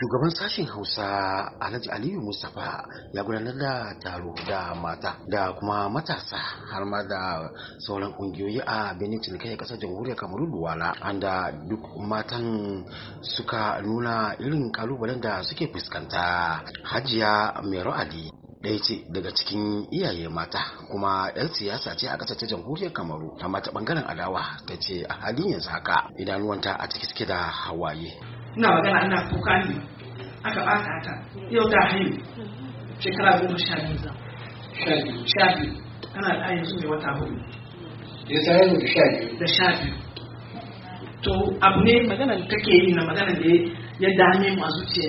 shugaban sashen hausa alhaji aliyu mustapha ya gudanar da taro da mata da kuma matasa har ma da sauran kungiyoyi a benin cinikai kasar jamhuriyar kamaru duwala anda duk matan suka nuna irin kalubalen da suke fuskanta hajiya mero ali ɗaya ce daga cikin iyaye mata kuma yan siyasa ce a ƙasar ta jamhuriyar kamaru amma ta ɓangaren adawa ta ce a halin yanzu haka idanuwanta a ciki suke da hawaye ina magana ina kuka ne aka baka ta yau da haini shekara goma sha biyu sha biyu ana da ayyansu mai wata hudu ya sa yanzu da sha biyu da sha biyu to abu ne magana da take yi na magana da ya dame masu ce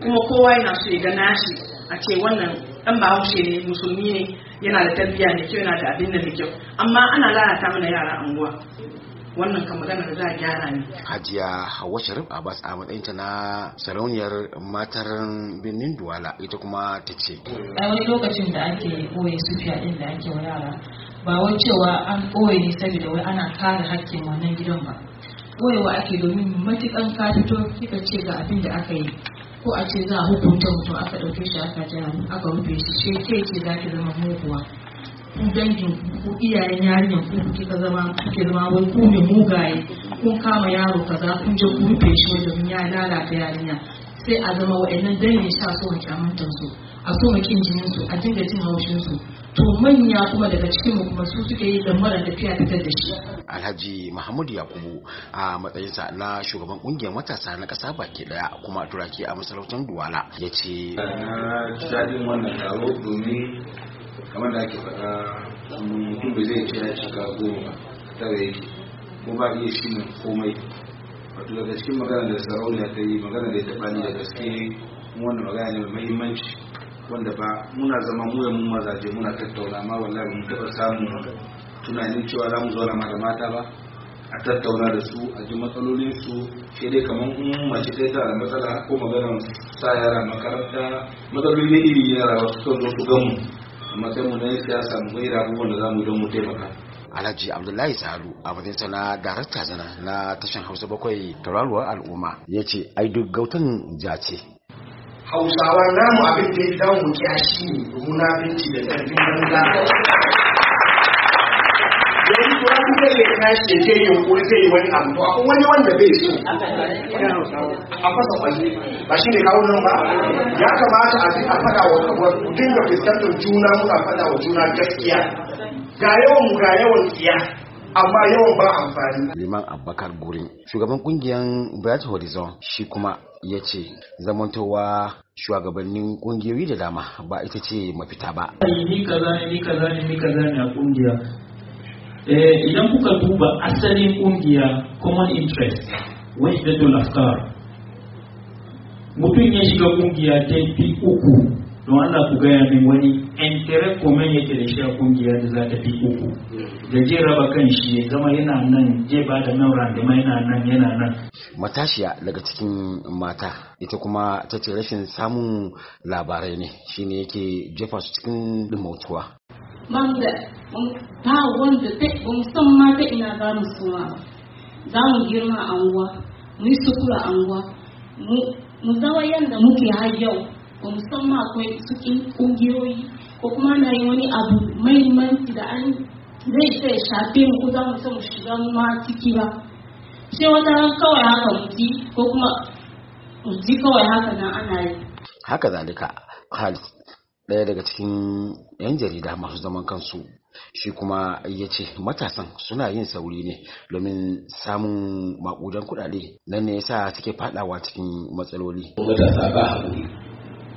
kuma kowa yana so ya ga nashi a ce wannan dan bahaushe ne musulmi ne yana da tarbiyya ne kyau yana da abin da mai amma ana lalata mana yara anguwa wannan kan maganar za a gyara ne. Hajiya Hauwa Sharif Abbas a ta na sarauniyar matar birnin Duwala ita kuma ta ce. A wani lokacin da ake boye sufiya ɗin da ake wa yara ba wai cewa an boye ne saboda wai ana kare hakkin wannan gidan ba. boyewa ake domin matuƙan kafito kika ce ga abin da aka yi ko a ce za a hukunta mutum aka ɗauke shi aka jira aka rufe shi ce ke ce za ki zama muguwa ku dangin ku iyayen yarinyar ku kika zama kuke zama wai ku ne mugaye kun kama yaro kaza kun je ku rufe shi domin ya lalata yarinya sai a zama wa'annan dangin sha so mu kyamantar su a so mu kin jinin su a dinga jin haushin su to manya kuma daga cikin mu kuma su suke yi da mara lafiya ta da shi Alhaji Muhammadu Yakubu a matsayinsa na shugaban kungiyar matasa na kasa baki daya kuma turaki a masarautar Duwala ya ce na jadin wannan taro domin kamar da ake faɗa mutum bai zai ce ya shiga goma tare yake ko ba iya shi ne komai wato daga cikin magana da sarauniya ta yi magana da ya taɓa ni da gaske wannan magana ne mai mahimmanci. wanda ba muna zama muyan mu mazaje muna tattauna ma wallahi mun taba samu tunanin cewa za mu zauna da mata ba a tattauna da su a ji matsalolin su sai dai kamar in mace ta da matsala ko maganar sa yara makaranta matsaloli ne iri yara wasu kan zo su gamu amma sai mu na siyasa mu gaira abubuwan da za mu don mu taimaka Alhaji Abdullahi Salu a matsayinsa na darakta zana na tashan Hausa bakwai tauraruwar al'umma ya ce ai duk gautan jace hausawa namu abin da ya fi damu kyashi ne da munafinci da ƙarfin banza yanzu to an zai ya tashi ya yi zai wani abu to akwai wani wanda bai so a fasa kwalli ba shi ne kawo nan ba ya kamata a wa dinga fuskantar juna muna faɗa wa juna gaskiya ga yawan ga yawan amma yawan ba amfani. Liman Abubakar Gurin, shugaban kungiyar Bright Horizon shi kuma ya ce zamantowa shugabannin kungiyoyi da dama ba ita ce mafita ba. Ni kaza ne, ni kaza ne, ni kaza ne a kungiya. Eh, idan kuka duba asalin kungiya common interest, dole afkar. Mutum ya shiga kungiya ta fi uku don Allah ku gaya min wani entere komen yake da shi a kungiya da za ta fi uku. da zai raba kan shi zama yana nan zai ba da naura da yana nan yana nan. Matashiya daga cikin mata ita kuma ta ce rashin samun labarai ne shi ne yake jefa su cikin dumautuwa. Mamda ba wanda ta san ma mata ina za mu suma za mu girma a anguwa mu yi sukura anguwa mu zawa yadda muke har yau ba mu akwai su kungiyoyi ko kuma na yi wani abu mahimmanci da an zai ce shafi mu ko za mu ta shiga ma ciki ba sai wata kawai haka mu ko kuma mu kawai haka nan ana yi haka zalika Khalid ɗaya daga cikin 'yan jarida masu zaman kansu shi kuma ya ce matasan suna yin sauri ne domin samun makudan kudade nan ne yasa suke fadawa cikin matsaloli matasa ba haƙuri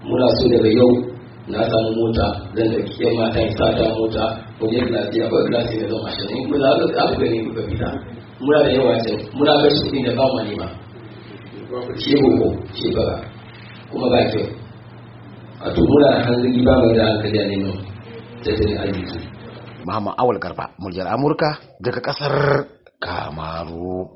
muna so daga yau na samu mota zan da yan mata isa ta mota ko ne kilasi akwai kilasi ne zama ne kuma kuna aka aka ne kuka fita muna da yawa can muna ga shi ne ba mu nema shi koko shi bara kuma ba kyau a to muna hanzari ba mai da hankali a neman tattalin arziki Muhammad Awal Garba, muryar Amurka daga ƙasar Kamaru.